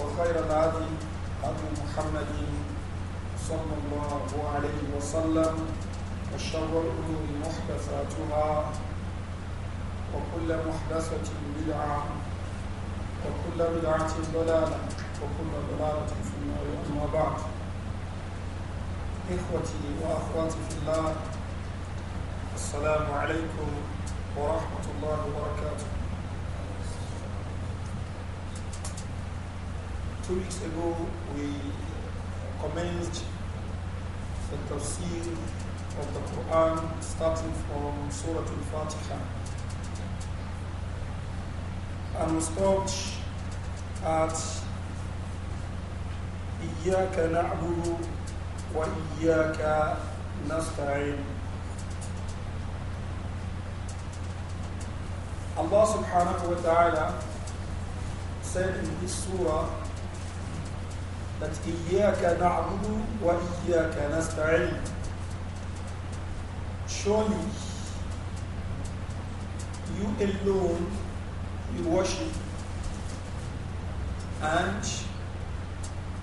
وخير الهدي هدي محمد صلى الله عليه وسلم وشر الامور محدثاتها وكل محدثه بدعه وكل بدعه ضلاله وكل ضلاله في النار اما بعد اخوتي واخواتي في الله السلام عليكم ورحمه الله وبركاته two weeks ago we commenced the tafsir of the Quran starting from Surah Al-Fatiha and we stopped at إياك نعبد وإياك nasta'in." Allah subhanahu wa ta'ala said in this surah that إِيَّاكَ نَعْبُدُ وَإِيَّاكَ نَسْتَعِينُ Surely, you alone you worship and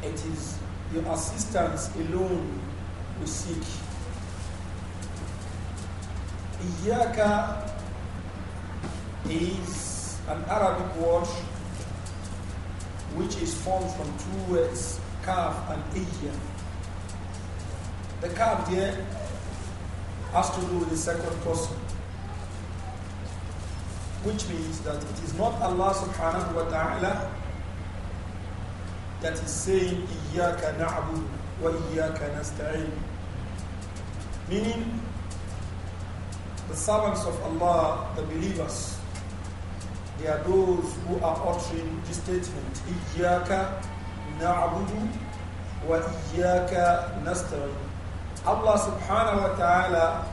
it is your assistance alone we seek. Iyaka is an Arabic word which is formed from two words calf and idya. The calf there has to do with the second person. Which means that it is not Allah subhanahu wa ta'ala that is saying Iyaka na'budu wa Iyaka nasta'in. Meaning the servants of Allah, the believers, they are those who are uttering this statement, Iyaka نعبد وإياك نستعين Allah subhanahu wa ta'ala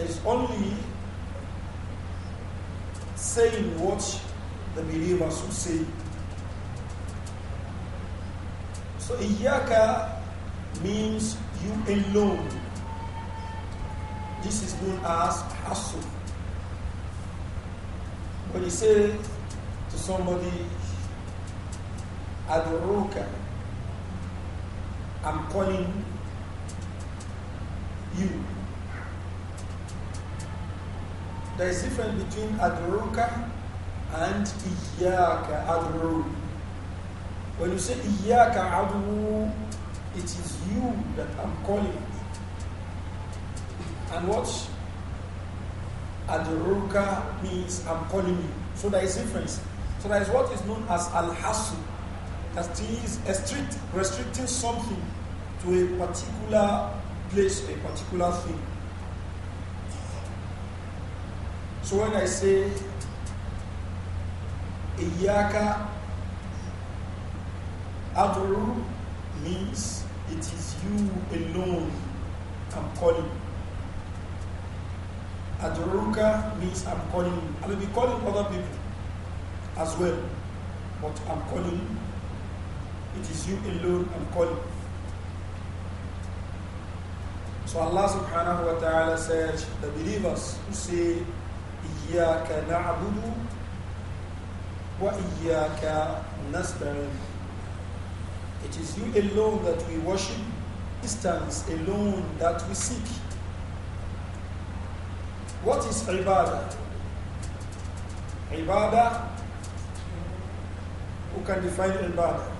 is only saying what the believers who say. So Iyaka means you alone. This is known as hasu. When you say to somebody, Aduruka. I'm calling you. There is difference between Aduruka and Iyaka Adru. When you say Iyaka Adru, it is you that I'm calling. And what Adruka means I'm calling you. So there is difference. So there is what is known as Al Hasu that is strict, restricting something to a particular place, a particular thing. So when I say Iyaka Adru means it is you alone I'm calling. Adruka means I'm calling. I will be calling other people as well, but I'm calling it is you alone and calling. So Allah subhanahu wa ta'ala says, the believers who say, إِيَّاكَ نَعْبُدُ وَإِيَّاكَ نَسْتَعِينُ It is you alone that we worship, instance alone that we seek. What is ibadah? Ibadah, who can define ibadah?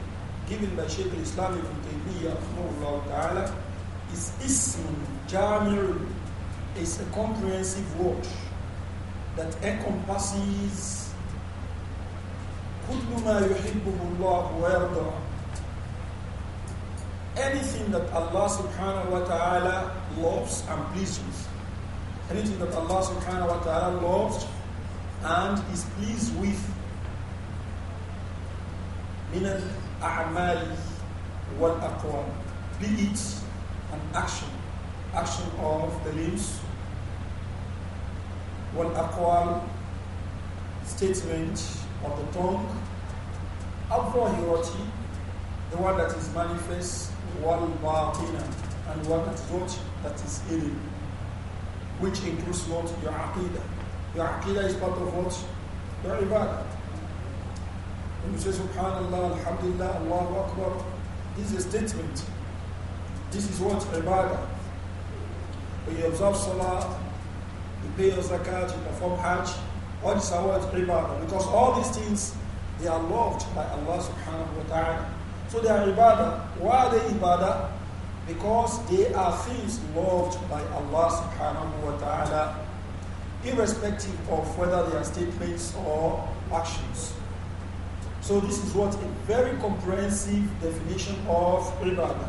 given by Sheikh al-Islam ibn Taymiyyah is Ism Jamir is a comprehensive word that encompasses كل ما يحبه الله ويرضى anything that Allah subhanahu wa ta'ala loves and pleases. anything that Allah subhanahu wa ta'ala loves and is pleased with من الأعمال والأقوال be it an action action of the limbs والأقوال statement of the tongue الظاهرة the one that is manifest والباطنة and one that is what that is hidden which includes what your aqidah your aqidah is part of what your ibadah when you say subhanallah, alhamdulillah, Allahu Akbar, this is a statement. This is what ibadah. When you observe salah, you pay your zakat, you perform hajj, all these are what ibadah. Because all these things, they are loved by Allah subhanahu wa ta'ala. So they are ibadah. Why are they ibadah? Because they are things loved by Allah subhanahu wa ta'ala, irrespective of whether they are statements or actions. So this is what a very comprehensive definition of riba.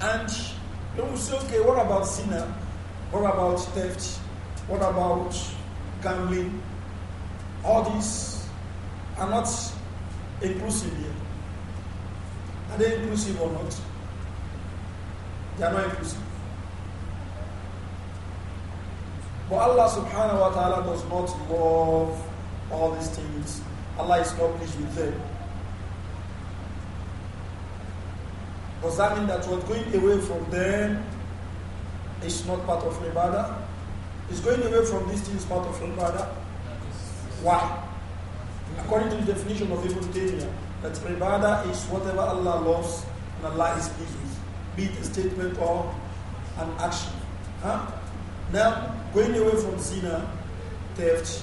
And then we say, okay, what about sinner? What about theft? What about gambling? All these are not inclusive here. Are they inclusive or not? They are not inclusive. But Allah subhanahu wa ta'ala does not love all these things, Allah is not pleased with them. Does that mean that what going away from them is not part of ibadah? Is going away from these things part of ibadah? Why? According to the definition of Ibn Taymiyyah, that ibadah is whatever Allah loves and Allah is pleased with, be it a statement or an action. Huh? Now, going away from zina, theft,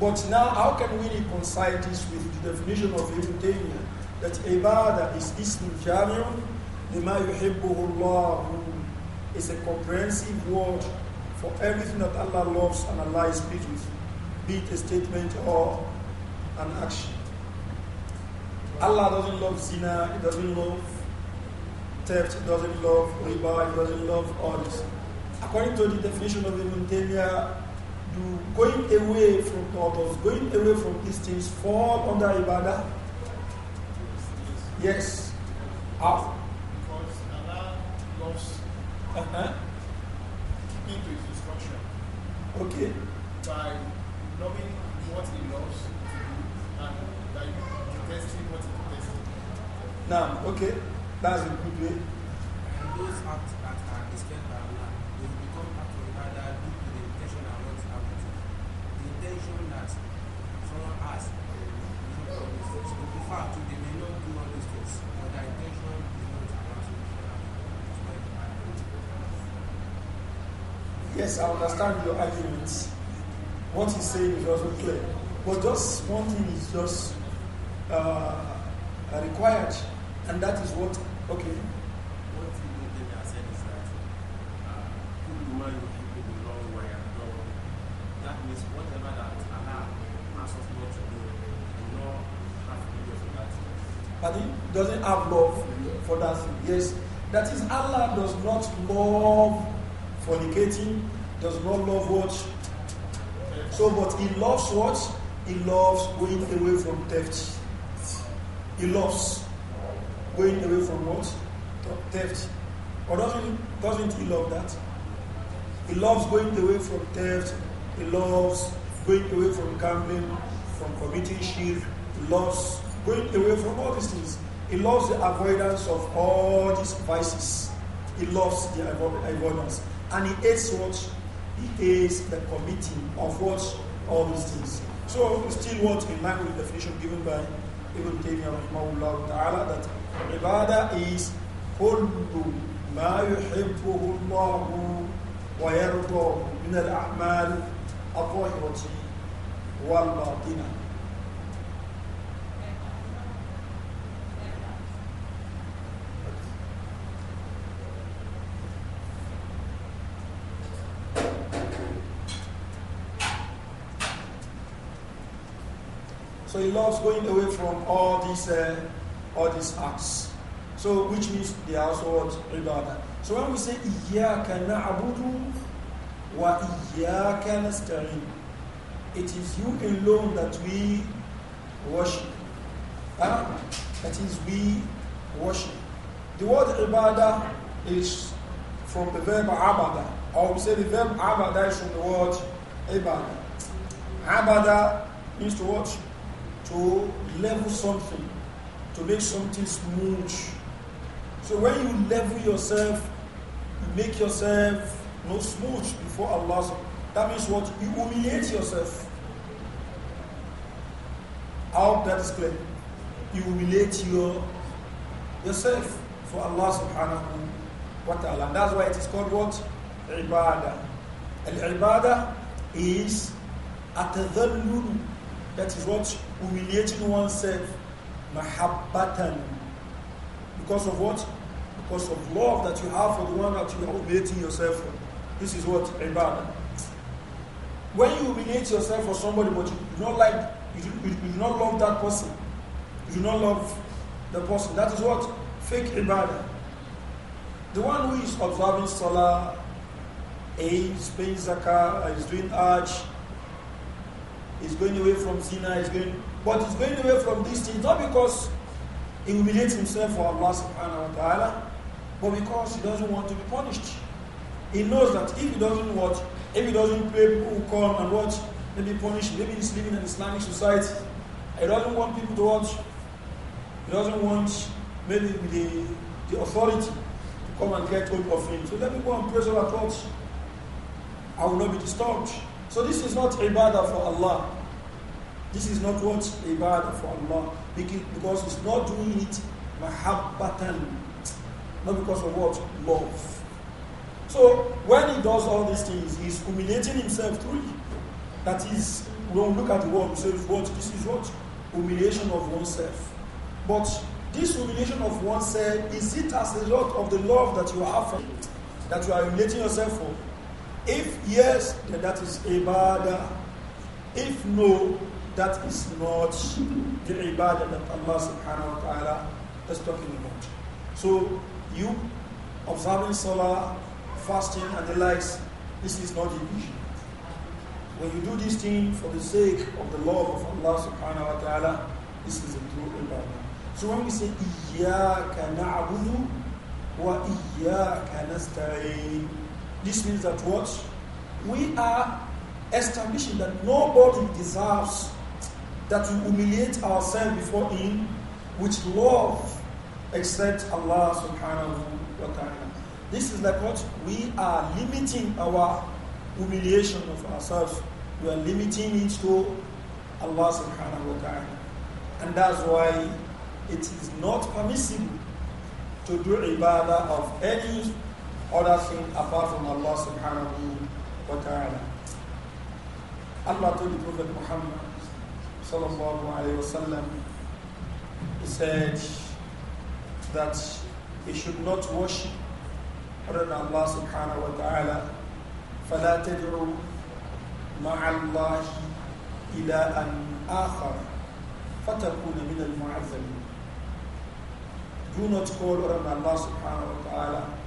But now, how can we reconcile this with the definition of Ibn that ibadah is ismul jami'un lima yuhibbuhu Allah is a comprehensive word for everything that Allah loves and Allah is pleased with, be it a statement or an action. Allah doesn't love zina, He doesn't love theft, He doesn't love riba, He doesn't love all this. According to the definition of Ibn Taymiyyah, you going away from others, going away from these things fall under ibada. Yes. How? Because Allah loves uh-huh. keeping to his instruction. Okay. By loving what he loves and by detesting what he detests. Now, okay. That's a good way. And those acts that are displayed by Allah intention that someone has, in fact, they may not do all these things, but their intention is not Yes, I understand your arguments. What he's saying is also clear. But just one thing is just uh, required, and that is what, okay, That is, Allah does not love fornicating, does not love what? So, but He loves what? He loves going away from theft. He loves going away from what? Theft. Or doesn't, doesn't He love that? He loves going away from theft. He loves going away from gambling, from committing shirk. He loves going away from all these things. He loves the avoidance of all these vices. He loves the avoidance. And he hates what? He hates the committing of what? All these things. So still what in line with the definition given by Ibn Taymiyyah rahmahullah ta'ala that ibadah is wa ما min al-amal من wa al والباطنة loves going away from all these uh, all these acts. So which means they are also what ibadah. So when we say iyyaka na'budu wa iyyaka nasta'in, it is you alone that we worship. Huh? That is we worship. The word ibadah is from the verb abada, or we say the verb abada is from the word ibadah. Abada means to worship to level something, to make something smooth. So when you level yourself, you make yourself no smooth before Allah. That means what? You humiliate yourself. How that is clear. You humiliate your, yourself for Allah subhanahu wa ta'ala. And that's why it is called what? Ibadah. Al-ibadah is at that is what humiliating oneself, mahabbatan. Because of what? Because of love that you have for the one that you are humiliating yourself for. This is what ibadah. When you humiliate yourself for somebody, but you do not like, you do, you do not love that person, you do not love the person. That is what fake ibadah. The one who is observing salah, is paying zakah, is doing hajj, he's going away from zina, he's going, but he's going away from these things, not because he humiliates himself for Allah subhanahu wa ta'ala, but because he doesn't want to be punished. He knows that if he doesn't watch, if he doesn't play, people will come and watch, maybe punish, maybe he's living in an Islamic society. He doesn't want people to watch. He doesn't want maybe the, the authority to come and get hold of him. So let me go and pray so that I will not be disturbed. So this is not ibadah for Allah. This is not what ibadah for Allah. Because it's not doing it mahabbatan. Not because of what? Love. So when he does all these things, he's humiliating himself through it. That is, when we look at the word, we say what this is what? Humiliation of oneself. But this humiliation of oneself, is it as a result of the love that you have for it? That you are humiliating yourself for? If yes, then that is ibadah. If no, that is not the ibadah that Allah subhanahu wa ta'ala is talking about. So you observing salah, fasting and the likes, this is not division. When you do this thing for the sake of the love of Allah subhanahu wa ta'ala, this is a true ibadah. So when we say إِيَّاكَ نَعْبُدُ وَإِيَّاكَ نَسْتَعِينُ this means that what? We are establishing that nobody deserves that we humiliate ourselves before Him with love except Allah subhanahu wa ta'ala. This is like what? We are limiting our humiliation of ourselves. We are limiting it to Allah subhanahu wa ta'ala. And that's why it is not permissible to do ibadah of any other thing apart from Allah subhanahu wa ta'ala. Allah told the Prophet Muhammad sallallahu alayhi wa sallam, he said that he should not worship other than Allah subhanahu wa ta'ala. فَلَا تَدْعُوا مَعَ اللَّهِ إِلَىٰ أَنْ آخَرَ فَتَكُونَ مِنَ الْمُعَذَّبِينَ Do not call other than Allah subhanahu wa ta'ala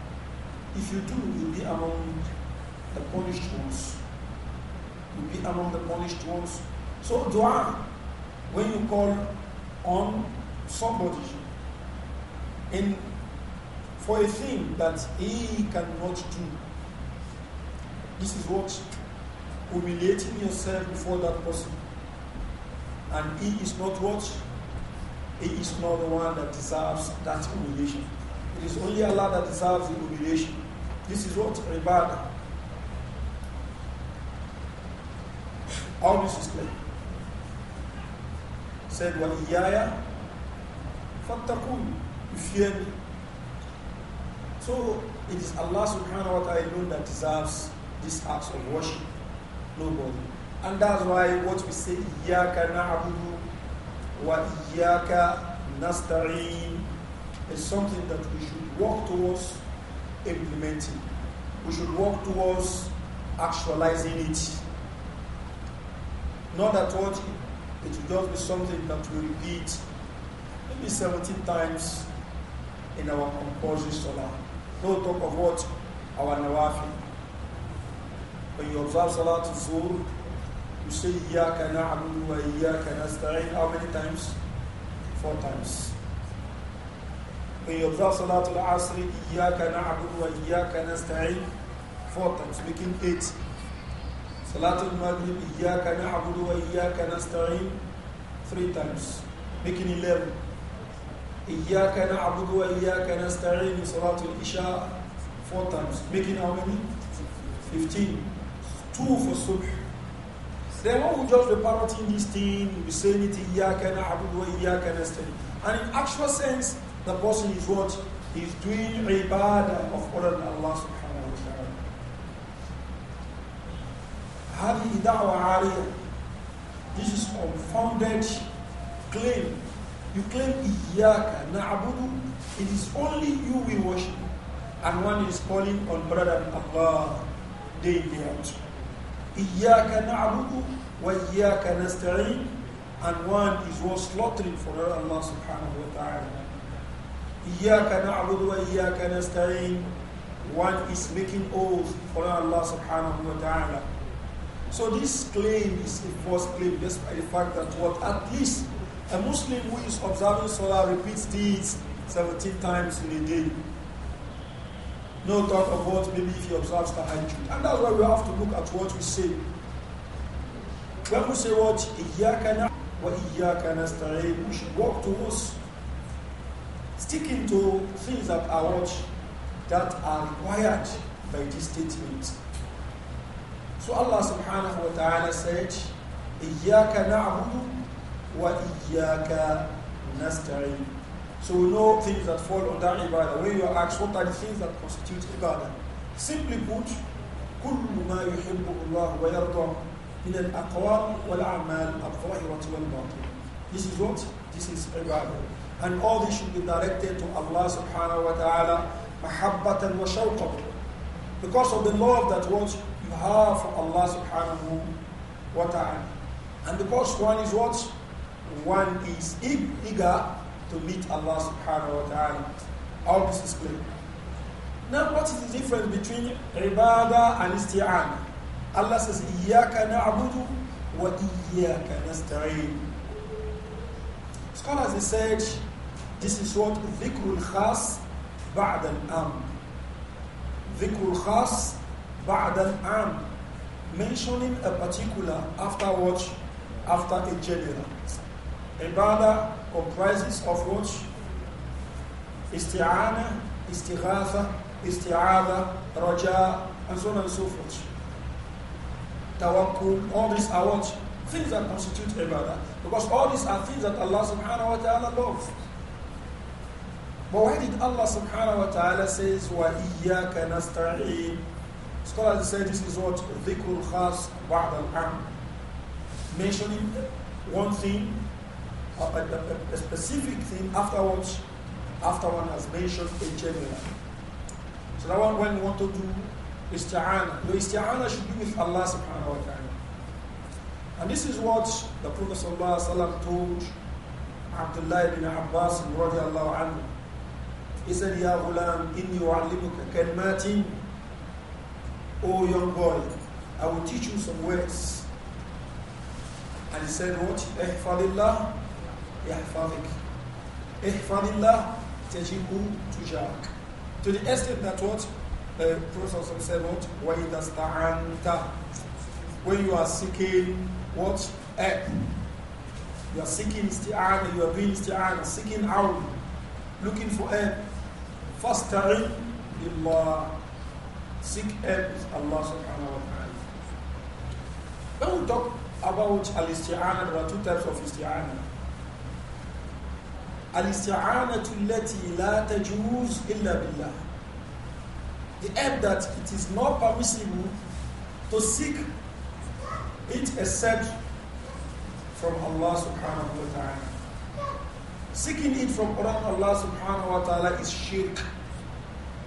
if you do, you'll be among the punished ones. You'll be among the punished ones. So dua, when you call on somebody in for a thing that he cannot do, this is what humiliating yourself before that person. And he is not what? He is not the one that deserves that humiliation. It is only Allah that deserves the humiliation. This is what ibadah. All this is clear. Said, وَإِيَّايَ فَاتَّقُونِ You fear me. So it is Allah subhanahu wa ta'ala alone that deserves these acts of worship. Nobody. And that's why what we say, إِيَّاكَ Wa Iya'ka نَسْتَعِينُ is something that we should work towards implementing. We should work towards actualizing it. Not that what it should just be something that we repeat maybe 17 times in our compulsory salah. No talk of what our nawafi. When you observe salah to zuhr, you say Iyaka na'budu wa Iyaka nasta'in. How many times? Four times. When you observe Salatul Asri, Iyaka na'budu wa Iyaka nasta'in, four times, making eight. Salatul Maghrib, Iyaka na'budu wa Iyaka nasta'in, three times, making eleven. Iyaka na'budu wa Iyaka nasta'in, Salatul Isha, four times, making how many? Fifteen. Two for Subh. Then one will judge the parity in this thing, will be saying it, Iyaka na'budu wa Iyaka nasta'in. And in actual sense, the person is what? He's doing ibadah of order than Allah subhanahu wa ta'ala. هذه دعوة عالية. This is unfounded claim. You claim na نعبد. It is only you we worship. And one is calling on brother Allah day in day out. إياك نعبد وإياك نستعين. And one is was slaughtering for Allah subhanahu wa ta'ala. Iyaka na'budu wa iyaka One is making oath for Allah subhanahu wa ta'ala. So this claim is a false claim just by the fact that what at least a Muslim who is observing Salah repeats these 17 times in a day. No talk of what maybe if he observes the Tahajjud. And that's why we have to look at what we say. When we say what, إِيَّاكَ نَعْبُدُ وَإِيَّاكَ نَسْتَعِينُ We should walk towards sticking to things that are what that are required by this statement. So Allah subhanahu wa ta'ala said, إِيَّاكَ نَعْبُدُ وَإِيَّاكَ نَسْتَعِينُ So we know things that fall under ibadah. When you ask, what are the things that constitute ibadah, simply put, كل ما يحبه الله ويرضاه من الأقوال والأعمال الظاهرة والباطنة. This is what? This is ibadah. And all this should be directed to Allah subhanahu wa ta'ala, mahabbatan wa shawqatan. Because of the love that what you have for Allah subhanahu wa ta'ala. And because one is what? One is eager to meet Allah subhanahu wa ta'ala. All this is clear. Now, what is the difference between ibadah and isti'an? Allah says, إِيَّاكَ نَعْبُدُ وَإِيَّاكَ نَسْتَعِينُ Scholars, have said, this is what ذكر الخاص بعد الأم ذكر الخاص بعد Am. mentioning a particular after watch, after a general ibadah comprises of what isti'ana istighatha isti'adha raja and so on and so forth tawakkul all these are what things that constitute ibadah because all these are things that Allah subhanahu wa ta'ala loves but why did Allah subhanahu wa ta'ala says, وَإِيَّاكَ نَسْتَعِينَ Scholars say this is what ذكر khas ba'd Mentioning one thing, a, a, a specific thing afterwards, after one has mentioned a general. So that one when you want to do isti'ana, the isti'ana should be with Allah subhanahu wa ta'ala. And this is what the Prophet sallallahu told Abdullah ibn Abbas radiallahu anhu. He said, Ya ghulam, inni u'allimuka kalmatin. Oh young boy, I will teach you some words. And he said, what? Ihfadillah, yahfadik. Ihfadillah, tajibhu tujak. To the extent that what? The uh, Prophet said what? Wa idasta'anta. When you are seeking what? Eh, You are seeking isti'ana, you are doing isti'ana, seeking out, looking for eh." فاستعن بالله seek help with Allah subhanahu wa ta'ala. When we talk about al-isti'ana, there are two types of isti'ana. Al-isti'ana التي لا تجوز إلا بالله. The help that it is not permissible to seek it except from Allah subhanahu wa ta'ala. Seeking it from Allah subhanahu wa ta'ala is shirk.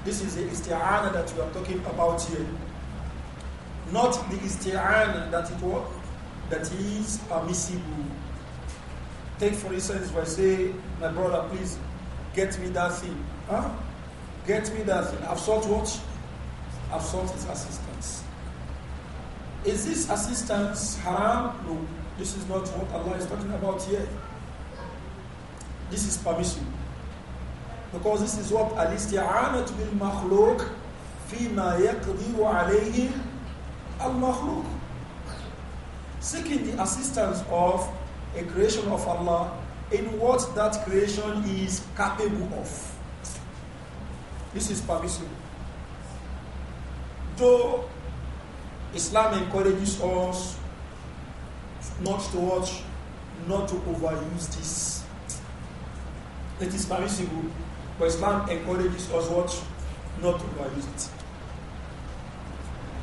This is the isti'ana that we are talking about here. Not the isti'ana that it was, that is permissible. Take for instance, if I say, my brother, please get me that thing. Huh? Get me that thing. I've sought what? I've sought his assistance. Is this assistance haram? No. This is not what Allah is talking about here. This is permissible. Because this is what al-isti'anat bil makhluq fima yaqdiru alayhi al-makhluq. Seeking the assistance of a creation of Allah in what that creation is capable of. This is permissible. Though Islam encourages us not to watch, not to overuse this it is permissible, but Islam encourages us what? Not to use it.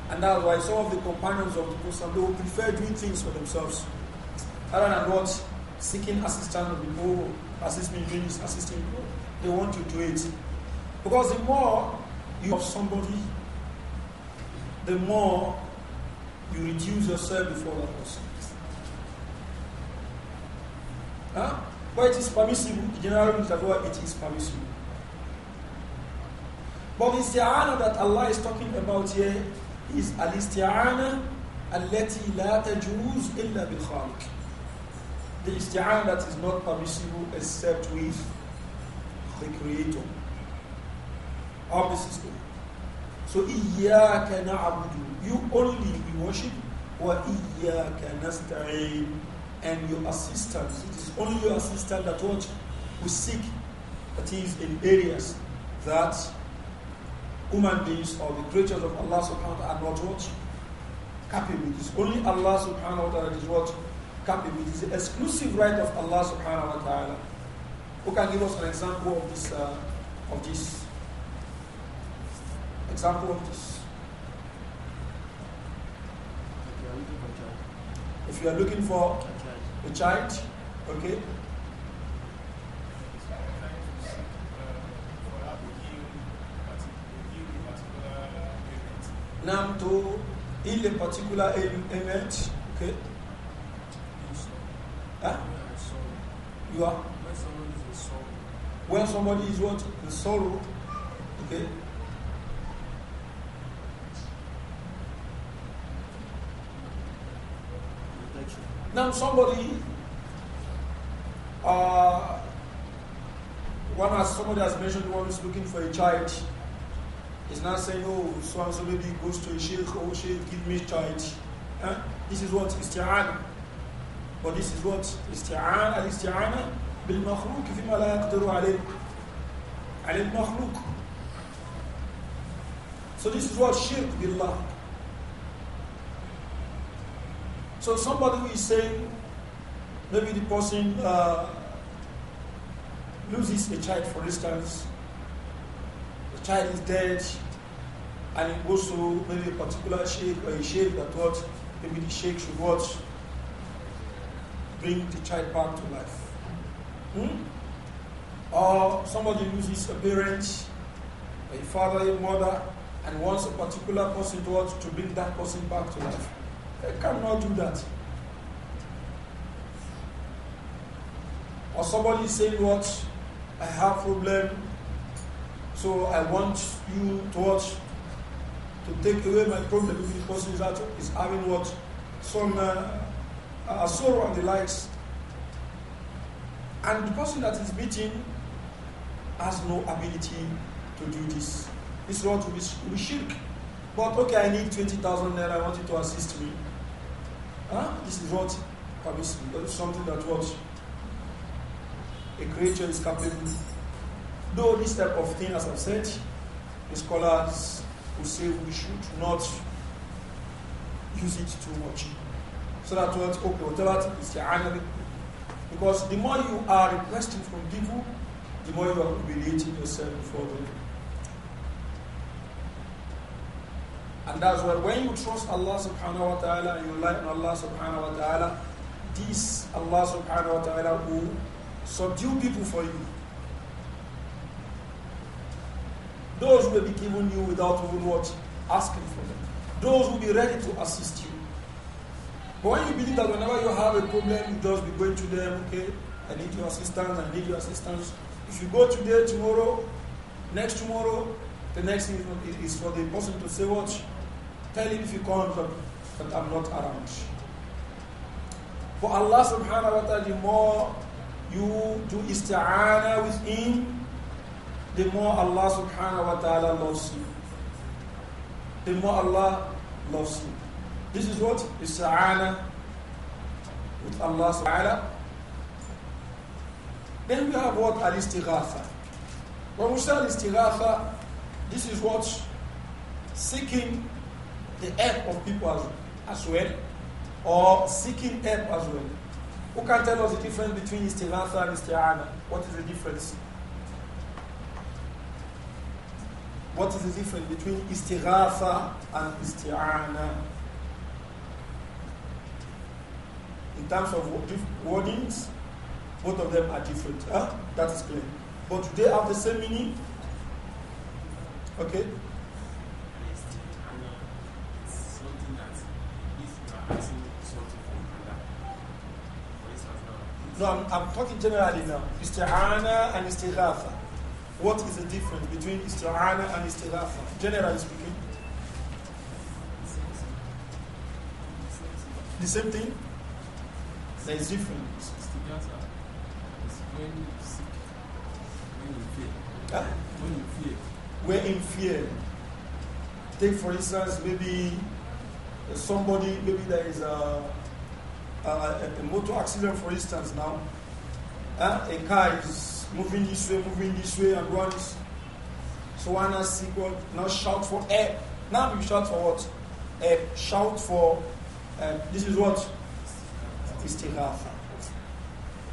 And that's why some of the companions of the Prophet they prefer doing things for themselves rather than not Seeking assistance of people, more me doing assisting people. They want to do it. Because the more you have somebody, the more you reduce yourself before that person. Huh? But it is permissible. Generally, it is permissible. But the isti'ana that Allah is talking about here is al-isti'ana la tajuz illa إلا بالخالق. The isti'ana that is not permissible except with the Creator. the system. So إياك نعبد. You only we worship. وإياك نستعين and your assistant. It is only your assistant that what we seek, that is in areas that human beings or the creatures of Allah subhanahu wa ta'ala are not what? Capable. It is only Allah subhanahu wa ta'ala that is what? Capable. It is the exclusive right of Allah subhanahu wa ta'ala. Who can give us an example of this? Uh, of this? Example of this? If you are looking for a child, okay? Now to heal a particular ailment, okay? Huh? You are? When somebody is what? The sorrow, okay? Now, somebody, uh, one has, somebody has mentioned one is looking for a child. He's not saying, oh, so and so maybe goes to a sheikh, oh, sheikh, give me a child. Huh? This is what isti'an. But this is what isti'an, al isti'ana bil makhluq fima la yaqdiru alayh. Al makhluq. So this is what shirk billah. So somebody who is saying, maybe the person uh, loses a child, for instance, the child is dead, and it goes to maybe a particular sheikh or a sheikh that what, maybe the sheikh should what, bring the child back to life. Hmm? Or somebody loses a parent, a father, a mother, and wants a particular person to, what, to bring that person back to life. They cannot do that. Or somebody saying what I have problem, so I want you to watch to take away my problem if the person is, is having what some uh, uh, sorrow and the likes. And the person that is beating has no ability to do this. This is what we, we shirk. But okay, I need 20,000 naira, I want you to assist me. Huh? This is what permissible. something that what a creature is capable. Though this type of thing, as I've said, the scholars will say we should not use it too much. So that what okay, whatever is your Because the more you are requesting from people, the more you are humiliating yourself before them. And that's why when you trust Allah subhanahu wa ta'ala and you rely on Allah subhanahu wa ta'ala, this Allah subhanahu wa ta'ala will subdue people for you. Those will be given you without even what asking for them. Those will be ready to assist you. But when you believe that whenever you have a problem, you just be going to them, okay, I need your assistance, I need your assistance. If you go today, tomorrow, next tomorrow, the next thing is for the person to say, what? Tell him if he comes that I'm not around. For Allah subhanahu wa ta'ala, the more you do isti'ana with him, the more Allah subhanahu wa ta'ala loves you. The more Allah loves you. This is what isti'ana with Allah subhanahu wa ta'ala. Then we have what al-istighatha. When we say al-istighatha, this is what seeking the help of people as, as well, or seeking help as well. Who can tell us the difference between istighatha and isti'ana? What is the difference? What is the difference between istighatha and isti'ana? In terms of wordings, both of them are different. Huh? That is clear. But do they have the same meaning? Okay? No, I'm, I'm talking generally now. Isti'ana and istighatha. What is the difference between isti'ana and istighatha, generally speaking? The same thing? There is difference. Istighatha is when you seek, when you fear. Huh? When you fear. We're in fear. Take, for instance, maybe somebody, maybe there is a uh, a, motor accident, for instance, now, uh, a car is moving this way, moving this way, and runs. So one has to now shout for help. Now you shout for what? Help. Shout for, uh, this is what? Istighatha.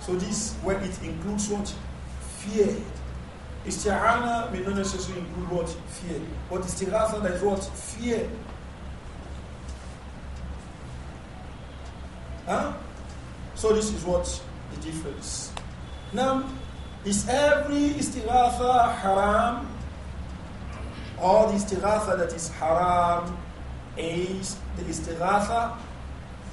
So this, when it includes what? Fear. Istighana may not necessarily include what? Fear. But istighatha, that is what? Fear. Huh? So this is what the difference. Now, is every istighatha haram? All the istighatha that is haram is the istighatha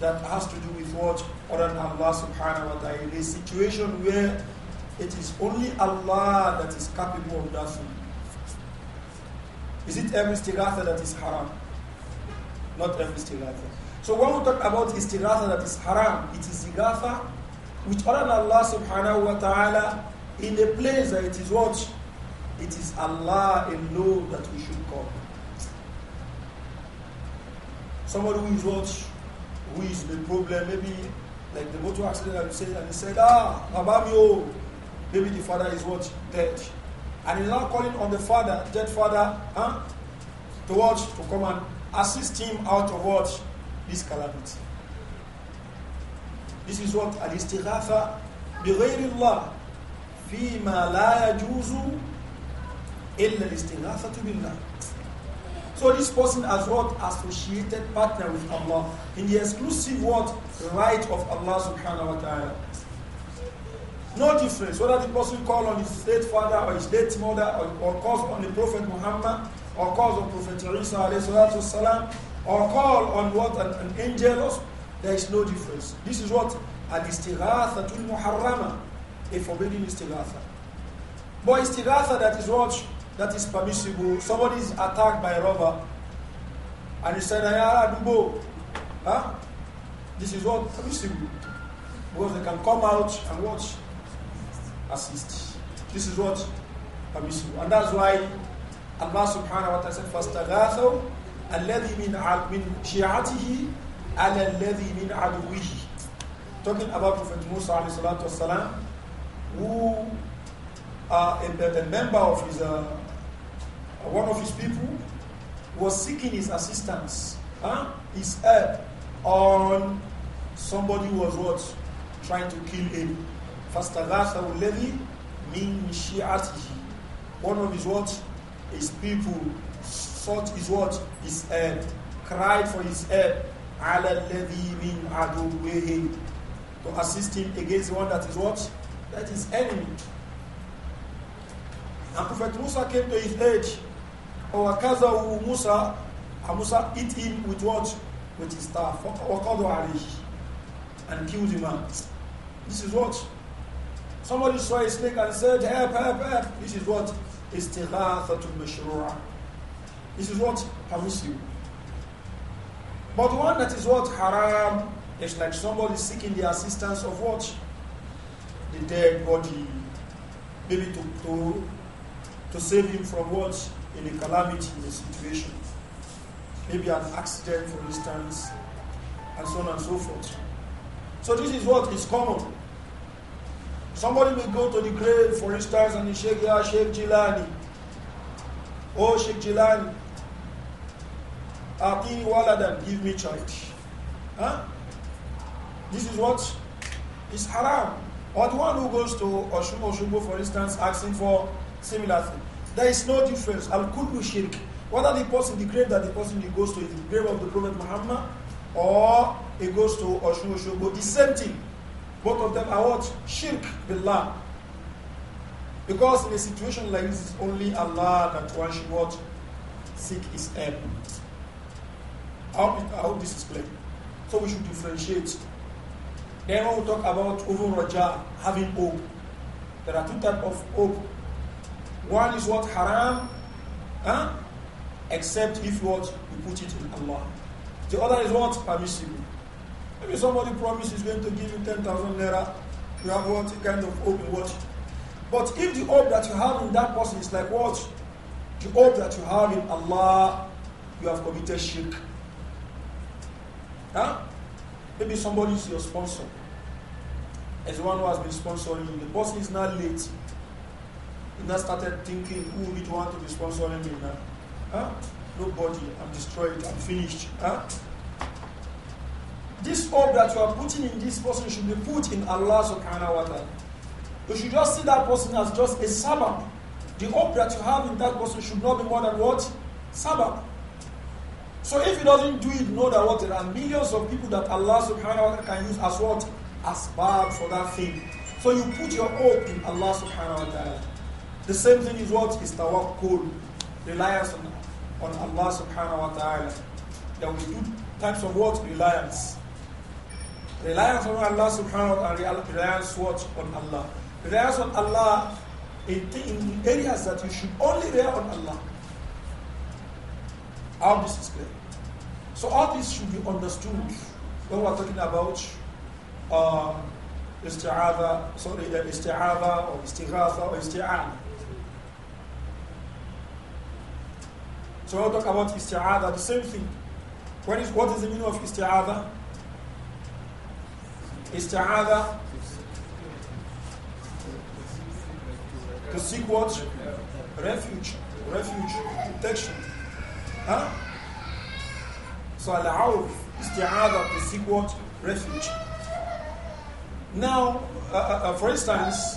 that has to do with what? Other than Allah subhanahu wa ta'ala. A situation where it is only Allah that is capable of that Is it every istighatha that is haram? Not every istighatha. So when we talk about istighatha that is haram, it is ighatha which Allah subhanahu wa ta'ala in a place that it is what? It is Allah alone that we should call. Somebody who is what? Who is the problem? Maybe like the motor accident that you said, and he said, Ah, Abamio. Maybe the father is what? Dead. And he's now calling on the father, dead father, huh? To watch, to come and assist him out of what? this calamity. This is what al-istighatha بغير الله فيما لا يجوز إلا So this person has not associated partner with Allah in the exclusive what right of Allah subhanahu wa ta'ala. No difference whether the person call on his late father or his late mother or, or calls on the Prophet Muhammad or calls on Prophet Isa alayhi salatu or call on what an, an angel there is no difference. This is what al istighathatul muharrama, a forbidden istighatha. But istighatha that is what that is permissible. Somebody is attacked by a robber, and he said, "Ayara ah, dubo," huh? This is what permissible because they can come out and watch, assist. This is what permissible, and that's why Allah Subhanahu wa Taala said, "Fastaghathu." الذي من من شيعته على الذي من عدوه talking about Prophet Musa عليه الصلاة والسلام who uh, a, a member of his uh, one of his people was seeking his assistance huh? his help on somebody who was what trying to kill him فاستغاثه الذي من شيعته one of his what his people sought his what? His help. Cried for his help. To assist him against one that is what? That is enemy. And Prophet Musa came to his aid. وَكَذَوْا Musa And Musa hit him with what? With his staff. وَقَضُوا And killed him. This is what? Somebody saw a snake and said, help, help, help. This is what? Istighathatul Mashru'ah. This is what permissible. But one that is what haram is like somebody seeking the assistance of what? The dead body. Maybe to, to, to save him from what? In a calamity, in a situation. Maybe an accident, for instance, and so on and so forth. So this is what is common. Somebody may go to the grave, for instance, and the Sheikh, yeah, Sheikh Jilani. Oh, Sheikh Jilani, rather than give me charity, Huh? This is what is haram. Or the one who goes to Oshun Oshubo, for instance, asking for similar thing. There is no difference. Al kulu shirk. Whether the person, the grave that the person he goes to is the grave of the Prophet Muhammad or he goes to Oshun Oshogo, the same thing. Both of them are what? Shirk billah. Because in a situation like this, it's only Allah that one should what? Seek his help. How this is played, So we should differentiate. Then when we talk about Uvu Raja, having hope, there are two types of hope. One is what haram, huh? except if what you put it in Allah. The other is what permissible. Maybe somebody promises he's going to give you 10,000 naira, you have what kind of hope in what? But if the hope that you have in that person is like what? The hope that you have in Allah, you have committed shirk. Huh? Maybe somebody is your sponsor. As one who has been sponsoring you, the person is now late. He now started thinking, who would want to be sponsoring me now? Huh? Nobody. I'm destroyed. I'm finished. Huh? This hope that you are putting in this person should be put in Allah subhanahu wa ta'ala. You should just see that person as just a sabbath. The hope that you have in that person should not be more than what? Sabbath. So if he doesn't do it, know that what there are millions of people that Allah subhanahu wa ta'ala can use as what? As bad for that thing. So you put your hope in Allah subhanahu wa ta'ala. The same thing is what is tawakkul, reliance on, on Allah subhanahu wa ta'ala. There will be two types of what? Reliance. Reliance on Allah subhanahu wa ta'ala, reliance what? On Allah. Reliance on Allah in, in areas that you should only rely on Allah. How this is clear. So all this should be understood when we're talking about um, isti'adha, sorry, the uh, isti'adha or istighatha or isti'ana. So when we talk about isti'adha, the same thing. What is, what is the meaning of isti'adha? Isti'adha to seek what? Refuge. Refuge. Protection. Huh? So al-awf, other to seek what? Refuge. Now, uh, uh, uh, for instance,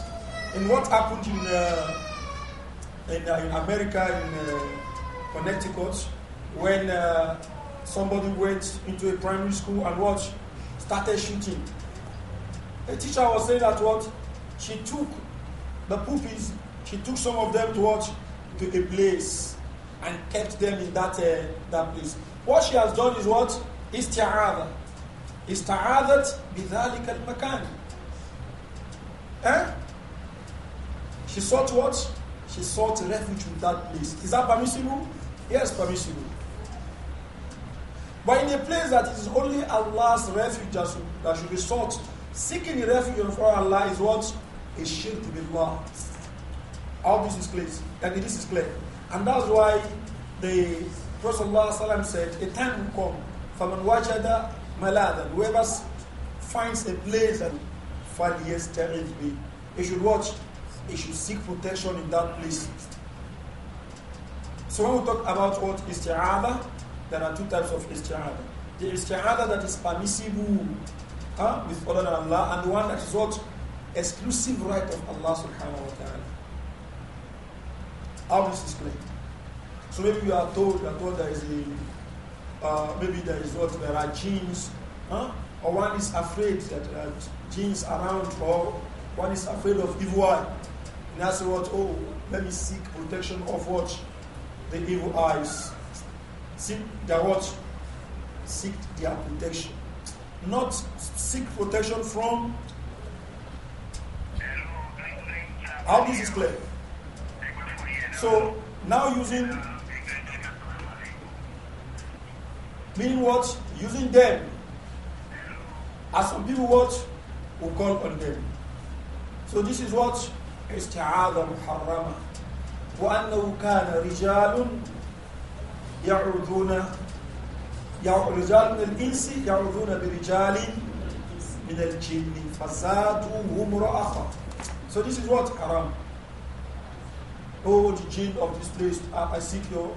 in what happened in, uh, in, uh, in, America, in uh, Connecticut, when somebody went into a primary school and what? Started shooting. A teacher was saying that what? She took the puppies, she took some of them to what? To a place and kept them in that, that place. What she has done is what? Isti'adha. Ista'adhat al الْمَكَانِ Eh? She sought what? She sought refuge in that place. Is that permissible? Yes, permissible. But in a place that is only Allah's refuge that should, that should be sought, seeking refuge from Allah is what? A shirk Allah. All this is clear. And this is clear. And that's why the Prophet ﷺ said, A time will come, فَمَنْ malad that Whoever finds a place and فَلْيَسْتَعِذْ بِهِ He should watch, he should seek protection in that place. So when we talk about what there are two types of isti'adha. The isti'adha that is permissible huh, with other than Allah, and the one that is what? Exclusive right of Allah subhanahu wa ta'ala. How this is so maybe you are told that what there is a, uh, maybe there is what there are genes, huh? or one is afraid that there uh, are genes around, or one is afraid of evil eye. And that's what, oh, let me seek protection of what? The evil eyes. Seek their what? Seek their protection. Not seek protection from. How this is clear. So now using Meaning what? Using them as some people what? Who call on them. So this is what? استعاذة محرمة وأنه كان رجال يعوذون رجال من الإنس يعوذون برجال من الجن فزادوهم رأخا So this is what haram. Oh, the jinn of this place, I, I seek your,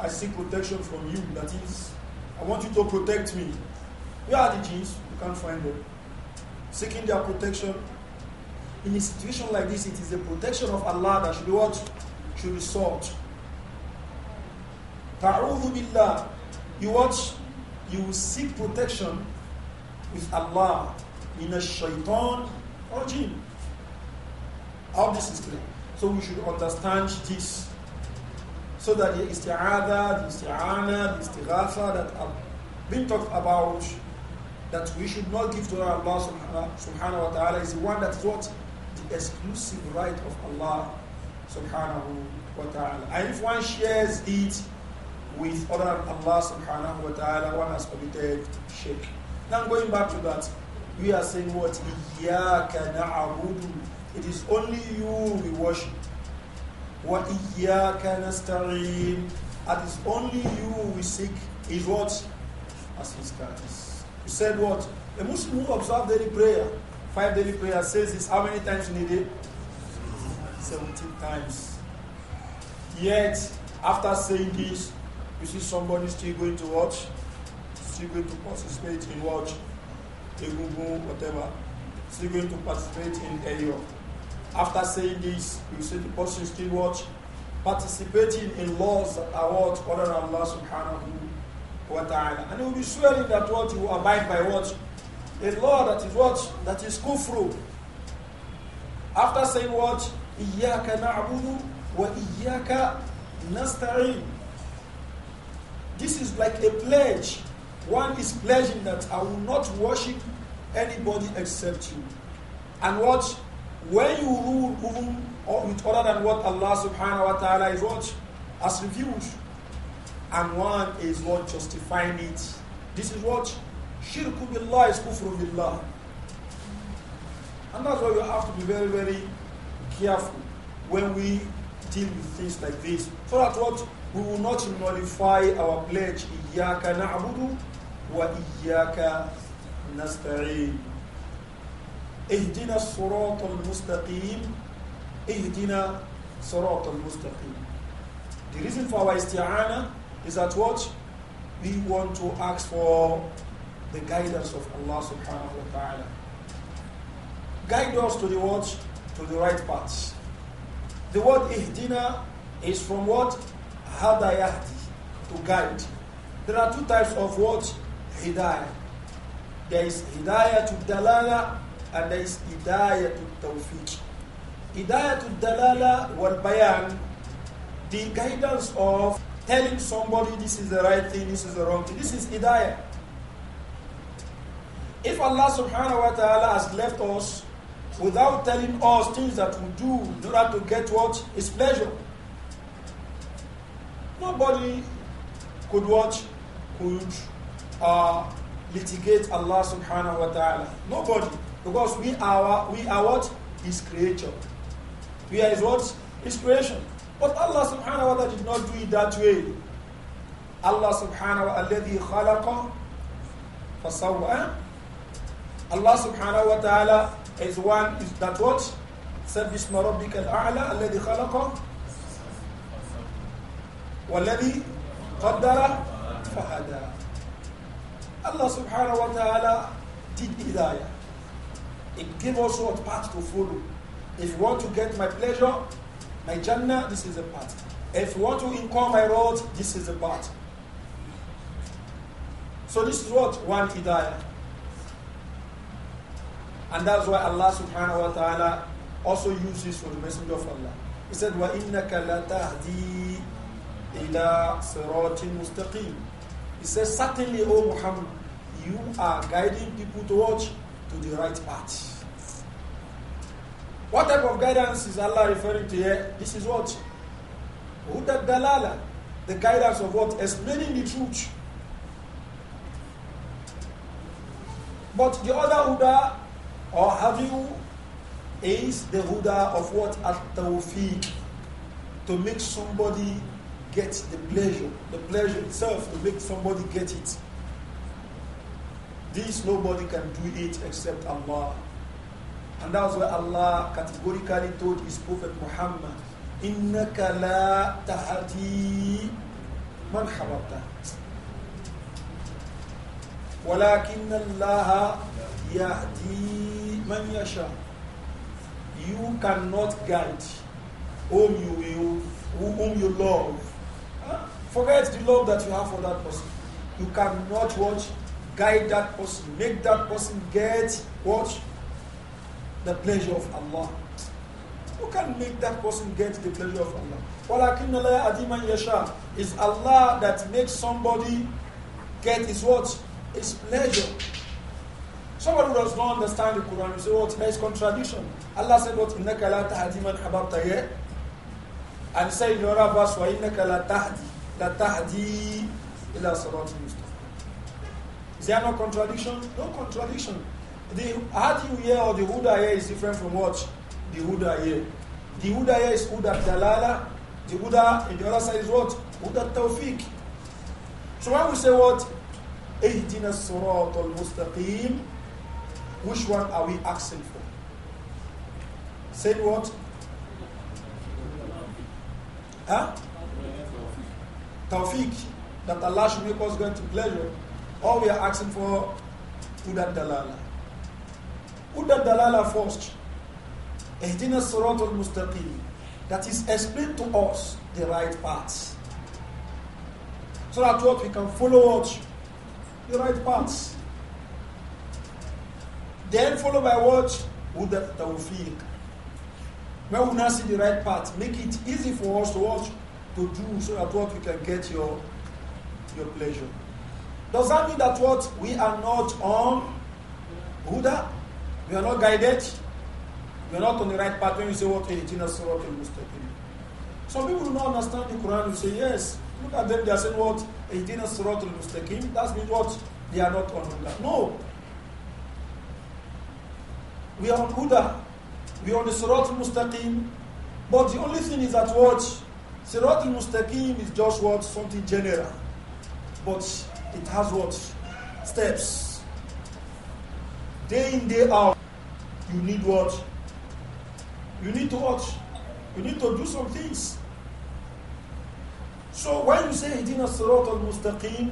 I seek protection from you. That is I want you to protect me. Where are the jeans? You can't find them. Seeking their protection. In a situation like this, it is the protection of Allah that should be what? Should be sought. Ta'udhu billah. You watch, you will seek protection with Allah in a shaitan or jinn. All this is clear. So we should understand this. So that the isti'adha, the isti'ana, the istighatha that have been talked about that we should not give to Allah subhanahu wa ta'ala is the one that got The exclusive right of Allah subhanahu wa ta'ala. And if one shares it with other Allah subhanahu wa ta'ala, one has committed shirk. Now going back to that, we are saying what? Iyaka na'abudu. It is only you we worship. وَإِيَّاكَ نَسْتَعِينَ And it's only you we seek is what? Assistance. He said what? A Muslim who observes daily prayer, five daily prayer says this how many times in a day? 17 times. Yet, after saying this, you see somebody still going to watch, still going to participate in watch, a whatever, still going to participate in Ayo. After saying this, you see the person still watch Participating in laws that are what? Other than Allah subhanahu wa ta'ala. And he will be swearing that what? You abide by what? A law that is what? That is kufru. After saying what? إِيَّاكَ wa وَإِيَّاكَ nastain. This is like a pledge. One is pledging that I will not worship anybody except you. And what? when you rule even with other than what Allah subhanahu wa ta'ala is what has revealed, and one is what justifying it. This is what shirku billah is kufru billah. And that's why we have to be very, very careful when we deal with things like this. So that what we will not nullify our pledge, Iyaka na'budu wa Iyaka nasta'in. اهدنا الصراط المستقيم اهدنا صراط المستقيم The reason for our isti'ana is that what? We want to ask for the guidance of Allah subhanahu wa ta'ala. Guide us to the what? To the right path. The word ihdina is from what? Hadayahdi, to guide. There are two types of what? Hidayah. There is hidayah to dalala and there is Hidayatul Tawfiq. to Dalala wal Bayan, the guidance of telling somebody this is the right thing, this is the wrong thing. This is Hidayah. If Allah subhanahu wa ta'ala has left us without telling us things that we do in order to get what? His pleasure. Nobody could watch, could uh, litigate Allah subhanahu wa ta'ala. Nobody. Because we are we are what? His creature. We are his what? His creation. But Allah subhanahu wa ta'ala did not do it that way. Allah subhanahu wa alladhi khalaqa fasawwa. Allah subhanahu wa ta'ala is one is that what? سبح اسم ربك الأعلى الذي خلق والذي قدر فهدى الله سبحانه وتعالى did hidayah it gave us what path to follow. If you want to get my pleasure, my Jannah, this is the path. If you want to incur my wrath, this is the path. So this is what one hidayah. And that's why Allah subhanahu wa ta'ala also uses this for the Messenger of Allah. He said, وَإِنَّكَ لَتَهْدِي إِلَىٰ صِرَاطٍ مُسْتَقِيمٍ He says, certainly, O Muhammad, you are guiding people towards To the right path. What type of guidance is Allah referring to here? This is what? Huda dalala. The guidance of what? Explaining the truth. But the other huda or have you is the huda of what? At-tawfiq. To make somebody get the pleasure. The pleasure itself to make somebody get it. This nobody can do it except Allah. And that's why Allah categorically told his Prophet Muhammad, إِنَّكَ لَا تَهَدِي مَنْ خَبَبْتَ وَلَكِنَّ اللَّهَ يَهْدِي مَنْ يَشَاءُ You cannot guide whom you will, whom you love. Forget the love that you have for that person. You cannot watch, guide that person, make that person get what the pleasure of Allah. Who can make that person get the pleasure of Allah? وَلَكِنَّ لَا أَدِيمًا يَشَاءُ is Allah that makes somebody get his what? His pleasure. Somebody who does not understand the Quran you say, what? There is contradiction. Allah said, what? إِنَّكَ لَا تَهْدِي مَنْ And say said in another verse, وَإِنَّكَ لَا تَهْدِي لَا تَهْدِي ila صَلَاةِ الْمُسْتَقِيمِ Is there no contradiction? No contradiction. The you here or the Huda here is different from what? The Huda here. The Huda here is Huda Dalala. The Huda in the other side is what? Huda Tawfiq. So when we say what? Ihdina Surat al Mustaqim, which one are we asking for? Say what? Huh? Tawfiq, that Allah should make us going to pleasure. All we are asking for, Huda Dalala. Put that dalala first. a dina al-mustaqim. That is, explain to us the right path. So that what we can follow what? The right path. Then followed by what? With the tawfiq. When we now see the right path, make it easy for us to watch, to do, so that what we can get your, your pleasure. Does that mean that what we are not on Huda? We are not guided. We are not on the right path when you say, what Itina Surat al Mustaqim. Some people do not understand the Quran. You say, yes. Look at them, they are saying what? Itina Surat al Mustaqim. That means what? They are not on Huda. No. We are on Huda. We are on the Surat Mustaqim. But the only thing is that what? Surat Mustaqim is just what? Something general. But it has what? Steps. Day in, day out you need what? You need to what? You need to do some things. So when you say Hidina Sirat al-Mustaqim,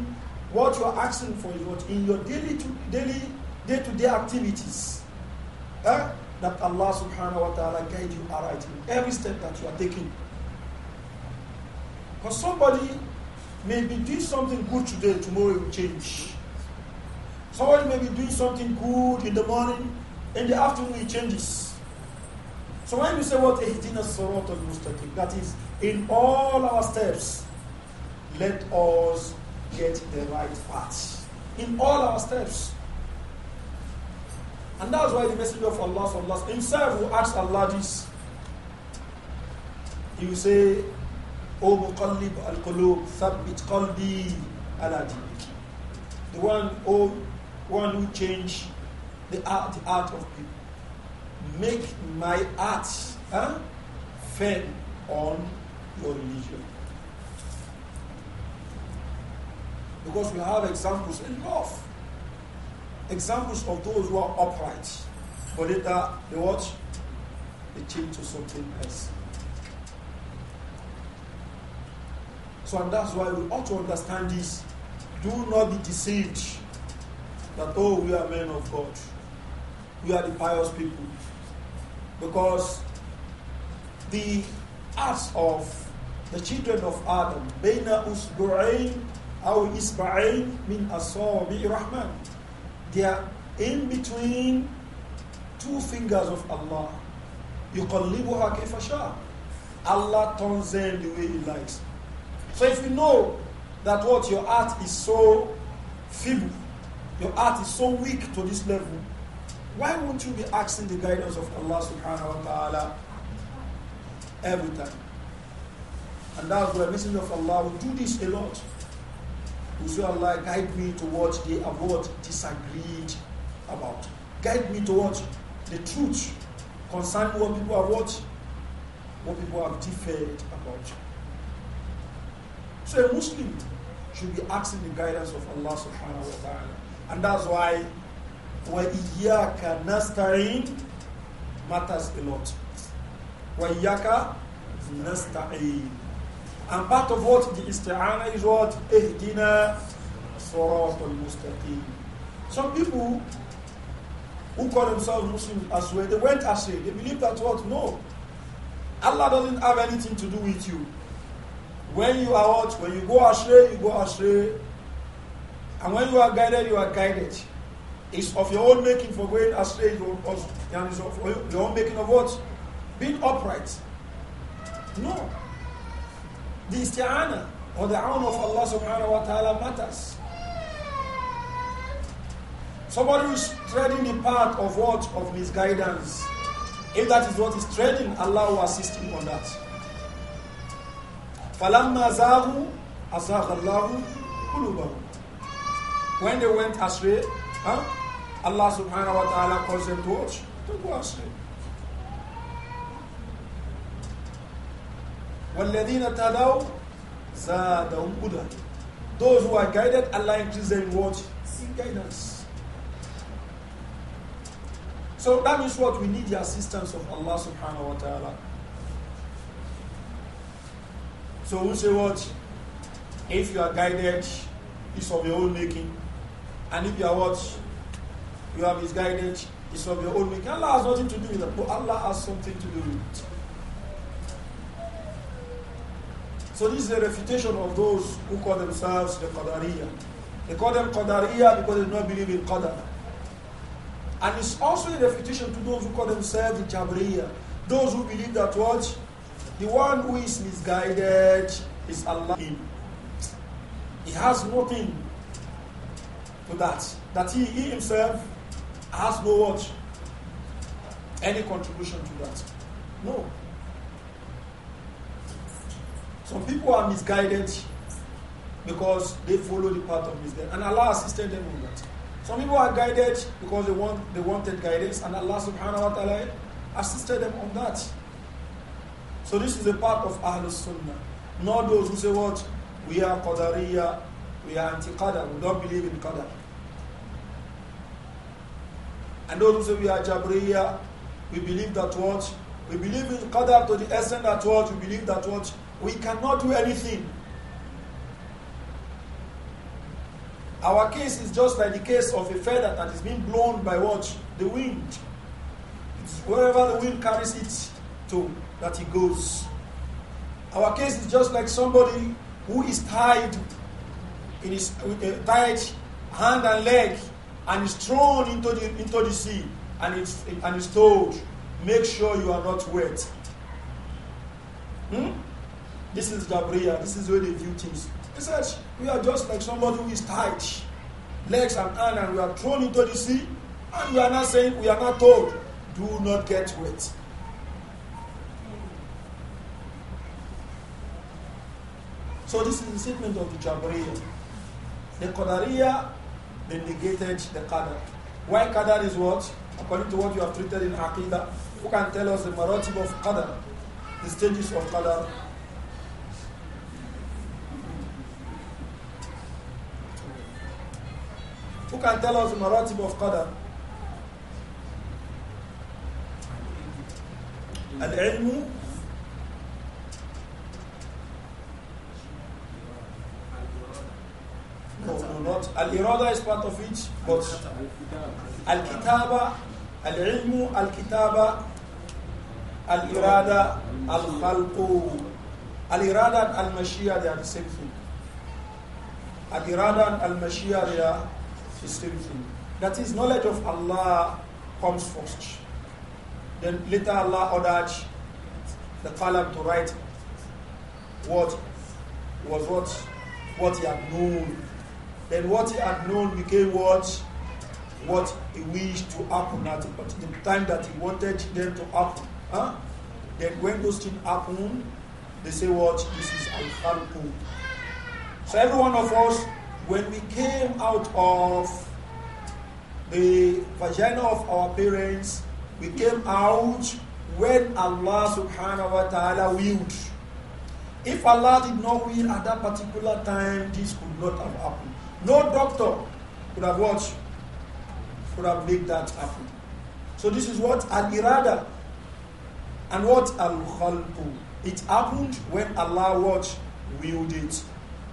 what you are asking for is what? In your daily, to, daily day-to-day -day activities, eh? that Allah subhanahu wa ta'ala guide you aright in every step that you are taking. Because somebody may be doing something good today, tomorrow it will change. Somebody may be doing something good in the morning, in the afternoon, it changes. So when you say what Ihdina Surat al Mustaqim, that is, in all our steps, let us get the right path. In all our steps. And that's why the Messenger of Allah Allah himself will ask Allah this. He will say, O Muqallib al Qulub, Thabbit Qalbi ala The one, oh, one who changes." the art the of people. Make my art huh, firm on your religion. Because we have examples enough. Examples of those who are upright. But later they what? They change to something else. So and that's why we ought to understand this. Do not be deceived that oh we are men of God you are the pious people. Because the acts of the children of Adam, Baina Usbu'ain aw Isba'ain min Asabi Rahman, they are in between two fingers of Allah. يقلبها كيف Allah turns them the way He likes. So if you know that what your heart is so feeble, your heart is so weak to this level, why won't you be asking the guidance of Allah subhanahu wa ta'ala every time? And that's why Messenger of Allah will do this a lot. Will say, Allah, guide me towards the what disagreed about. Guide me towards the truth concerning what people have what? What people have differed about. So a Muslim should be asking the guidance of Allah subhanahu wa ta'ala. And that's why وَإِيَّاكَ nasta'in matters a lot. وَإِيَّاكَ nasta'in? And part of what the isti'ana is what? إِهْدِنَا صِرَاطَ الْمُسْتَقِيمِ Some people who call themselves Muslims as well, they went astray. They believe that what? No. Allah doesn't have anything to do with you. When you are out, when you go astray, you go astray. And when you are guided, you are guided is of your own making for going astray, and is of your own making of what? Being upright. No. The isti'ana or the honor of Allah subhanahu wa ta'ala matters. Somebody who's treading the path of what? Of misguidance. If that is what is treading, Allah will assist him on that. When they went astray, Huh? Allah subhanahu wa ta'ala calls them to watch. Don't go astray. Those who are guided, Allah increase their reward what? In guidance. So that is what we need the assistance of Allah subhanahu wa ta'ala. So we say what? If you are guided, it's of your own making. And if you are what? You are misguided, it's of your own making. Allah has nothing to do with it, but Allah has something to do with it. So this is a refutation of those who call themselves the Qadariya. They call them Qadariya because they do not believe in Qadar. And it's also a refutation to those who call themselves the Jabriya. Those who believe that what? The one who is misguided is Allah. He has nothing to that. That he, he himself has no what? Any contribution to that. No. Some people are misguided because they follow the path of misguidance. And Allah assisted them on that. Some people are guided because they want they wanted guidance, and Allah subhanahu wa ta'ala assisted them on that. So this is the part of our Sunnah. Not those who say what? We are Qadariya, we are anti-Qadar, we don't believe in Qadar. And those who say we are Jabriya, we believe that what? We believe in Qadar to the essence that what? We believe that what? We cannot do anything. Our case is just like the case of a feather that is being blown by what? The wind. It's wherever the wind carries it to that it goes. Our case is just like somebody who is tied in his with a tied hand and leg and is thrown into the, into the sea and, it's, and is told, make sure you are not wet. Hmm? This is Gabriel. This is where they view things. He says, we are just like somebody who is tied, legs and hand, and we are thrown into the sea, and we are not saying, we are not told, do not get wet. So this is the statement of the Jabriya. The Qadariya they negated the qadar. Why qadar is what? According to what you have treated in Aqidah, who can tell us the maratib of qadar, the stages of qadar? Who can tell us the maratib of qadar? Al-ilmu No, not. Al-irada is part of it, but al-kitaba, al-ilmu, al-kitaba, al-irada, al-khalqu. Al-irada al-mashia, they are the same thing. Al-irada al-mashia, they are the same thing. That is, knowledge of Allah comes first. Then later Allah ordered the Talib to write what was what what he had known then what he had known became what what he wished to happen at the time that he wanted them to happen. Huh? Then when those things happen, they say what this is al So every one of us, when we came out of the vagina of our parents, we came out when Allah subhanahu wa ta'ala willed. If Allah did not will at that particular time, this could not have happened. No doctor could have watched, could have made that happen. So this is what al-irada and what al-khalqu. It happened when Allah what willed it.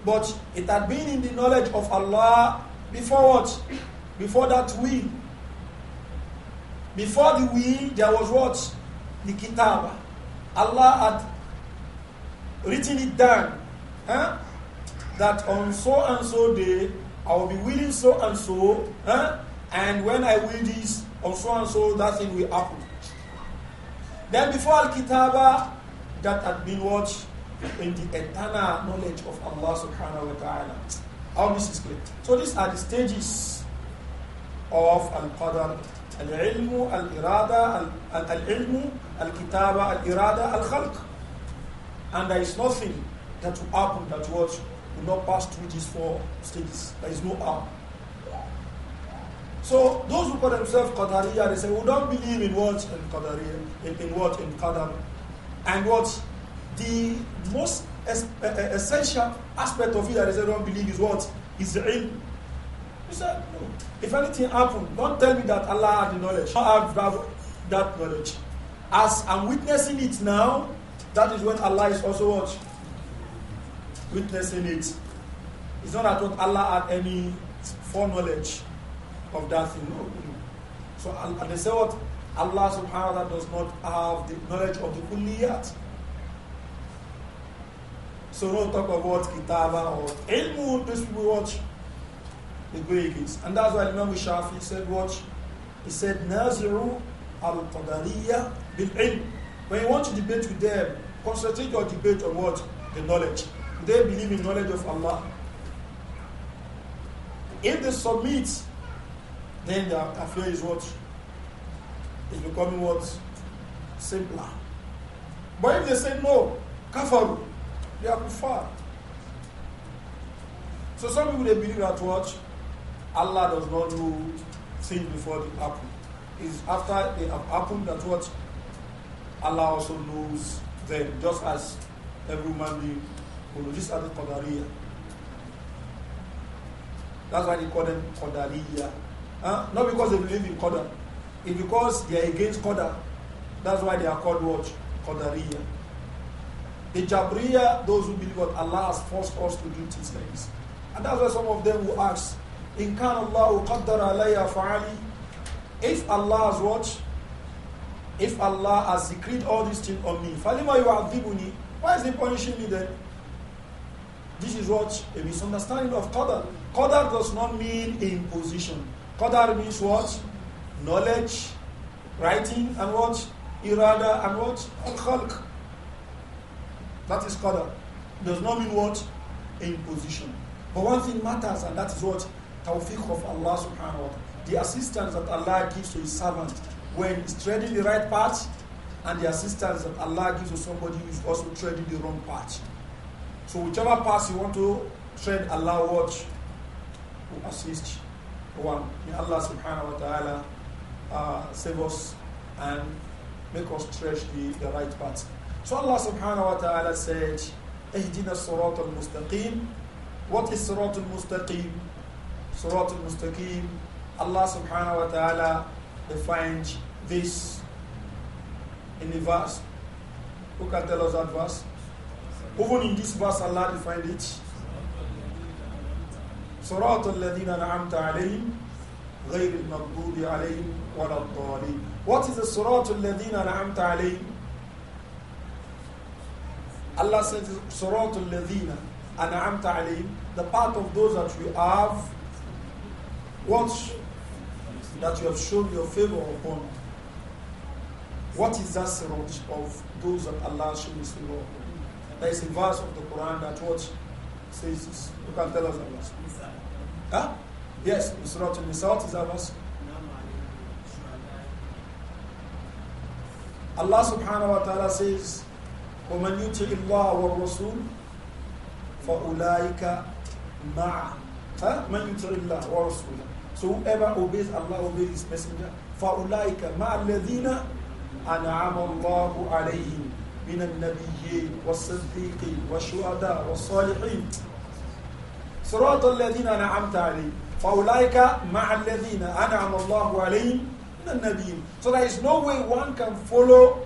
But it had been in the knowledge of Allah before what? Before that will. Before the will, there was what? The kitab. Allah had written it down. Huh? that on so and so day I will be willing so and so, huh? and when I will this on so and so, that thing will happen. Then before Al Kitaba, that had been watched In the eternal knowledge of Allah subhanahu wa ta'ala. All this is great. So these are the stages of Al Qadr. Al-ilmu, al-irada, al-ilmu, al-kitaba, al-irada, al-khalq. And there is nothing that will happen that what will not pass through these four stages. There is no harm. So those who call themselves Qadariya, they say, we don't believe in what? In Qadariya, in, what? In Qadar. And what? The most es essential aspect of it that they say don't believe is what? Is the ilm. You say, no. If anything happened, don't tell me that Allah had the knowledge. I have that knowledge. As I'm witnessing it now, that is when Allah is also watching witnessing it. It's not that what Allah had any foreknowledge of that thing. No, So and they say what Allah subhanahu wa ta'ala does not have the knowledge of the kulliyat. So no talk about kitaba or ilmu, this we watch the Greeks. And that's why Imam Shafi said watch. He said Naziru al Qadariya bil ilm. When you want to debate with them, concentrate your debate on what? The knowledge they believe in knowledge of Allah. If they submit, then the affair is what? Is becoming what? Simpler. But if they say no, kafaru, they are kufar. So some people they believe that what? Allah does not do things before they happen. It's after they have happened that what? Allah also knows them, just as every human being that's why they call them Qadariya. Huh? Not because they believe in Qadar. It's because they are against Qadar. That's why they are called what? Qadariya. The Jabriya, those who believe that Allah has forced us to do these things And that's why some of them will ask, In can Allah qaddar alayya fa'ali? If Allah has what? If Allah has decreed all these things on me, فَلِمَا يُعَذِّبُنِي Why is He punishing me then? This is what a misunderstanding of qadar. Qadar does not mean imposition. Qadar means what? Knowledge, writing, and what? Irada, and what? Al-Khalq. That is qadar. Does not mean what? Imposition. But one thing matters, and that is what? Tawfiq of Allah subhanahu wa ta'ala. The assistance that Allah gives to his servant when he's treading the right path, and the assistance that Allah gives to somebody who is also treading the wrong path. So whichever path you want to tread, Allah watch will assist one. May Allah subhanahu wa ta'ala uh, save us and make us tread the, the right path. So Allah subhanahu wa ta'ala said, Ihdina surat المُستقيم". is the al-mustaqim? Surat al Allah subhanahu wa ta'ala defined this in the verse. Who can tell us that verse? Even in this verse, Allah defined it. صراط الذين أنعمت عليهم غير المغضوب عليهم ولا الضالين What is the صراط الذين أنعمت عليهم? Allah says صراط الذين أنعمت عليهم The part of those that you have What? That you have shown your favor upon What is that صراط of those that Allah shows his love? There is a verse of the Quran that what says this. You can tell us about verse. Huh? Yes, the Surah al is that verse. Allah subhanahu wa ta'ala says, وَمَنْ يُتِعِ اللَّهَ وَالرَّسُولِ فَأُولَٰئِكَ مَعَ مَنْ يُتِعِ اللَّهَ وَالرَّسُولَ So whoever obeys Allah obeys His Messenger. فَأُولَٰئِكَ مَعَ الَّذِينَ أَنْعَمَ اللَّهُ عَلَيْهِمْ من النبيين والصديقين والشهداء والصالحين صراط الذين أنعمت عليهم فأولئك مع الذين أنعم الله عليهم من النبيين So there is no way one can follow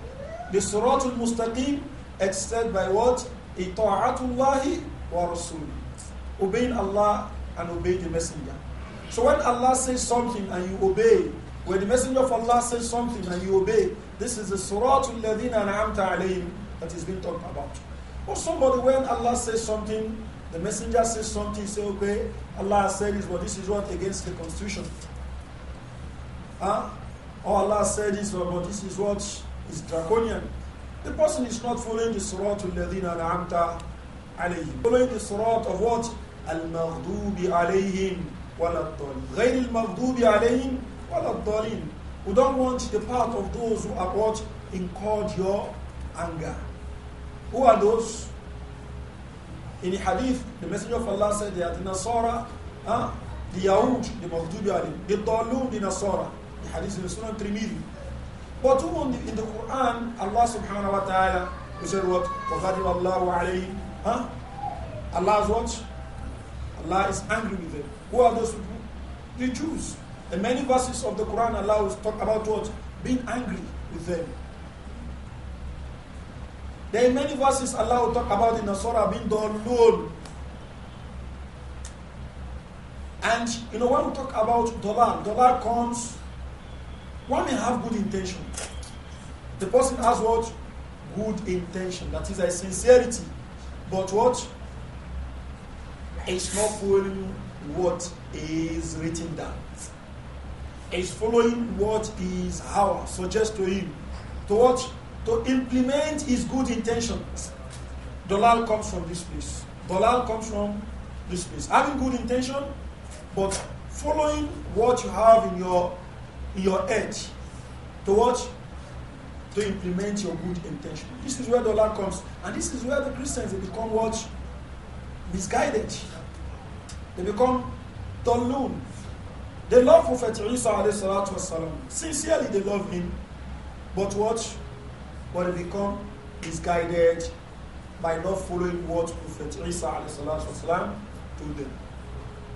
the صراط المستقيم except by what? إطاعة الله ورسوله Obeying Allah and obey the messenger. So when Allah says something and you obey, when the messenger of Allah says something and you obey, this is the Suratul Ladina An'amta alayhim that is being talked about. Or somebody, when Allah says something, the messenger says something, say, okay, Allah said this, but this is what against the constitution. Huh? Or Allah said this, but this is what is draconian. The person is not following the Suratul Ladina An'amta alayhim. Following the Surat of what? Al-Maghdubi alayhim. ولا الضالين غير المغضوب عليهم ولا الضالين we don't want the part of those who are what? Incurred your anger. Who are those? In the hadith, the Messenger of Allah said they are the Nasara, huh? the Yahud, the Maghdubi Alim, the Dalun, the Nasara. The hadith in the Sunnah Trimidi. But who in the Quran, Allah subhanahu wa ta'ala, he said what? وَغَدِبَ اللَّهُ عَلَيْهِ huh? Allah's what? Allah is angry with them. Who are those people? The Jews. And many verses of the Quran, to talk about what? Being angry with them. There are many verses allow talk about in the Surah being dolul. And you know when we talk about dollar, dollar comes, one may have good intention. The person has what? Good intention. That is a sincerity. But what? It's not following what is written down is following what his hour suggests to him to what to implement his good intentions dolal comes from this place dolal comes from this place having good intention but following what you have in your in your head to what to implement your good intention this is where dolal comes and this is where the christians they become what misguided they become dullun they love Prophet Isa salam. sincerely they love him. But what? What they become is guided by not following what Prophet Isa salam told them.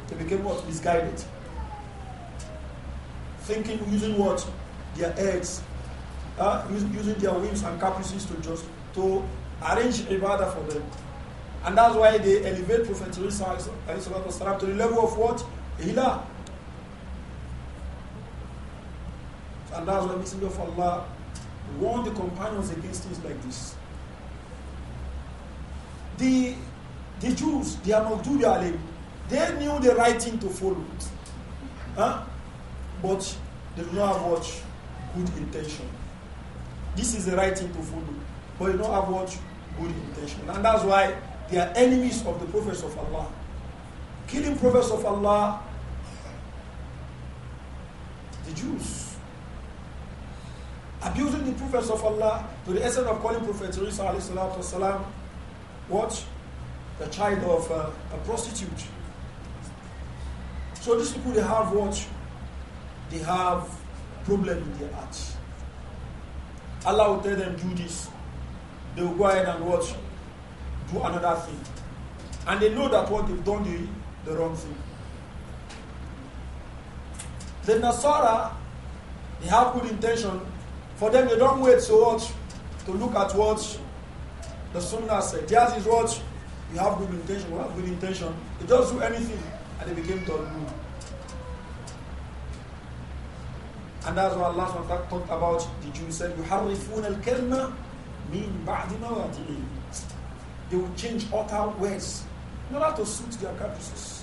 They became what? Misguided. Thinking using what? Their heads, uh, using their whims and caprices to just to arrange ibadah for them. And that's why they elevate Prophet Isa salam to the level of what? Ilah. And that's why the Messenger of Allah warned the companions against things like this. The, the Jews, the their Alim, they knew the right thing to follow. Huh? But they do not have what? Good intention. This is the right thing to follow. But they don't have what? Good intention. And that's why they are enemies of the prophets of Allah. Killing prophets of Allah, the Jews abusing the prophets of Allah to the essence of calling Prophet Isa what? The child of uh, a prostitute. So these people, they have what? They have problem in their hearts. Allah will tell them, do this. They will go ahead and watch, do another thing. And they know that what they've done is the, the wrong thing. The Nasara, they have good intention, for them, they don't wait so much to look at what the Sunnah said. Theirs is what you have good intention, you have good intention. They just do anything and they became Talmud. And that's why Allah SWT talked about the Jews said, يُحَرِّفُونَ الْكَلْمَ مِنْ بَعْدِ مَوَاتِهِ They will change utter words in order to suit their caprices.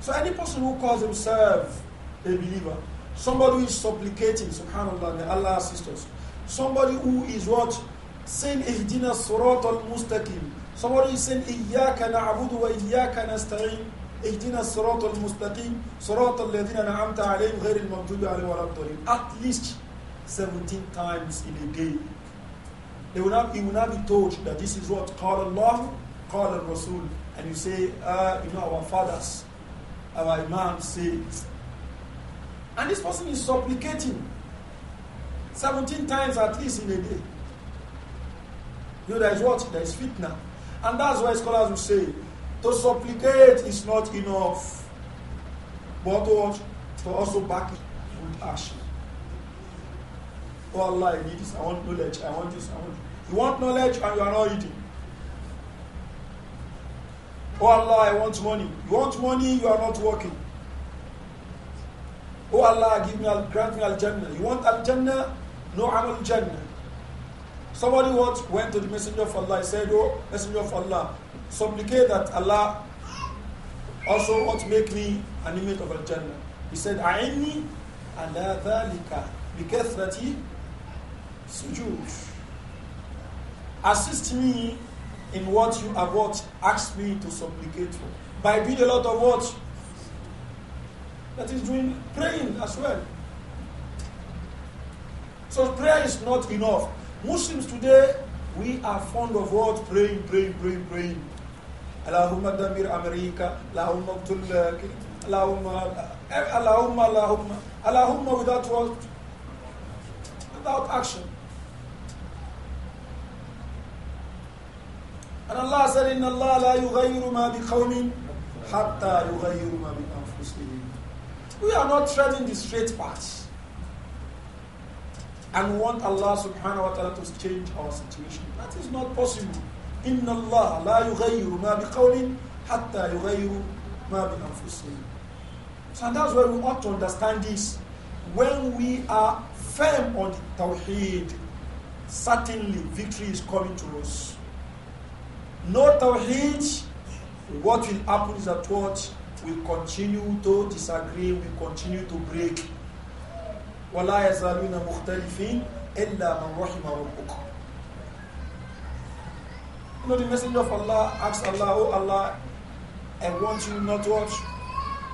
So any person who calls himself a believer, Somebody who is supplicating, subhanAllah, may Allah assist us. Somebody who is what? Saying, Ihdina surat al-mustaqim. Somebody is saying, Iyaka na'abudu wa iyaka nasta'in. Ihdina surat al-mustaqim. Surat al-ladhina na'amta alayhim ghayr al-mamdudu alayhim wa rabdolin. At least 17 times in a day. They will not, he will not be told that this is what? call Allah, Qala Rasul. And you say, uh, you know, our fathers, our imams say, and this person is supplicating 17 times at least in a day. You know, there is what? There is fitna. And that's why scholars will say to supplicate is not enough, but to, to also back it with action. Oh Allah, I need this, I want knowledge, I want this, I want this. You want knowledge and you are not eating. Oh Allah, I want money. You want money, you are not working. Oh Allah, give me, grant me Al Jannah. You want Al Jannah? No Amal Jannah. Somebody once went to the Messenger of Allah. He said, Oh, Messenger of Allah, supplicate that Allah also want to make me an inmate of Al Jannah. He said, A'inni ala dhalika bikathrati sujood. Assist me in what you have what asked me to supplicate for. By being a lot of what that is doing praying as well. So prayer is not enough. Muslims today, we are fond of what? Praying, praying, praying, praying. Allahumma damir America, Allahumma Abdullah, uh, Allahumma, uh, Allahumma, Allahumma, Allahumma without what? Without action. And Allah said, Inna Allah la yughayyiru ma bi biqawmin hatta yughayyiru ma bi anfusihim. We are not treading the straight path. And want Allah subhanahu wa ta'ala to change our situation. That is not possible. إن الله لا يغير ما بقوم حتى يغيروا ما بأنفسهم. So that's why we ought to understand this. When we are firm on the Tawheed, certainly victory is coming to us. No Tawheed, what will happen is that what we continue to disagree, we continue to break. وَلَا يَزَالُونَ مُخْتَلِفِينَ إِلَّا مَنْ رَحِمَ رَبُّكَ You know, the messenger of Allah asks Allah, Oh Allah, I want you not to watch,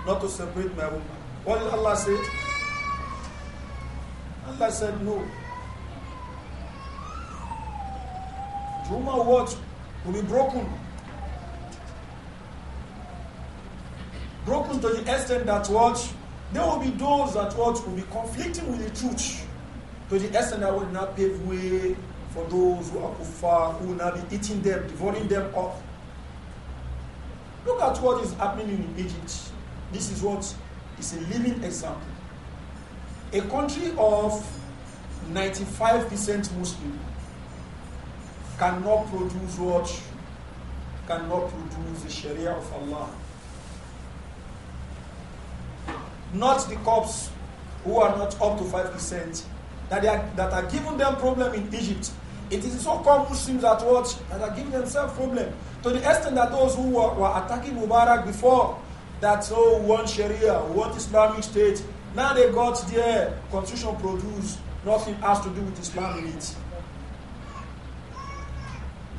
not to separate my woman. What did Allah say? Allah said, No. The woman watch Will be broken. broken to the extent that what there will be those that what will be conflicting with the truth to the extent that will not pave way for those who are kuffar, who will not be eating them, devouring them up. Look at what is happening in Egypt. This is what is a living example. A country of 95% Muslim cannot produce what? Cannot produce the Sharia of Allah not the cops who are not up to 5%, that, are, that are giving them problem in Egypt. It is so-called Muslims that what that are giving themselves problem. To the extent that those who were, were attacking Mubarak before, that oh, we want Sharia, we want Islamic State. Now they got their constitution produced. Nothing has to do with Islam in it.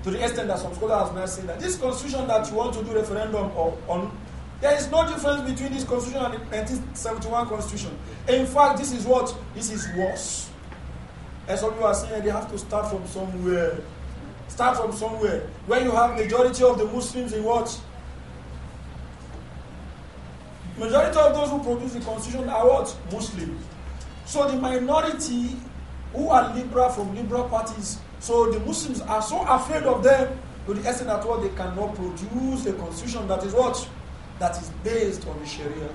To the extent that some scholars have now saying that this constitution that you want to do referendum on, on there is no difference between this constitution and the 1971 constitution. In fact, this is what? This is worse. As some of you are saying they have to start from somewhere. Start from somewhere. Where you have majority of the Muslims in what? Majority of those who produce the constitution are what? Muslims. So the minority who are liberal from liberal parties, so the Muslims are so afraid of them to the extent that what they cannot produce a constitution that is what? that is based on the Sharia.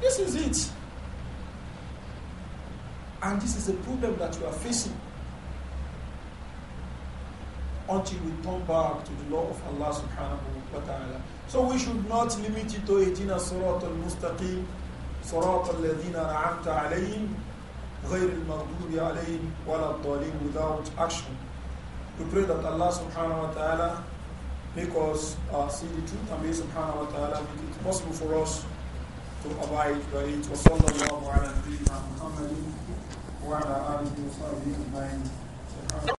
This is it. And this is a problem that we are facing until we turn back to the law of Allah subhanahu wa ta'ala. So we should not limit it to 18 Surat al-Mustaqim, Surat al-Ladina na'amta alayhim, غير المغضوب عليهم ولا الضالين without action. We pray that Allah subhanahu wa ta'ala Make us uh, see the truth and may subhanahu wa ta'ala make it possible for us to abide by it. Wa sallallahu ala wa ala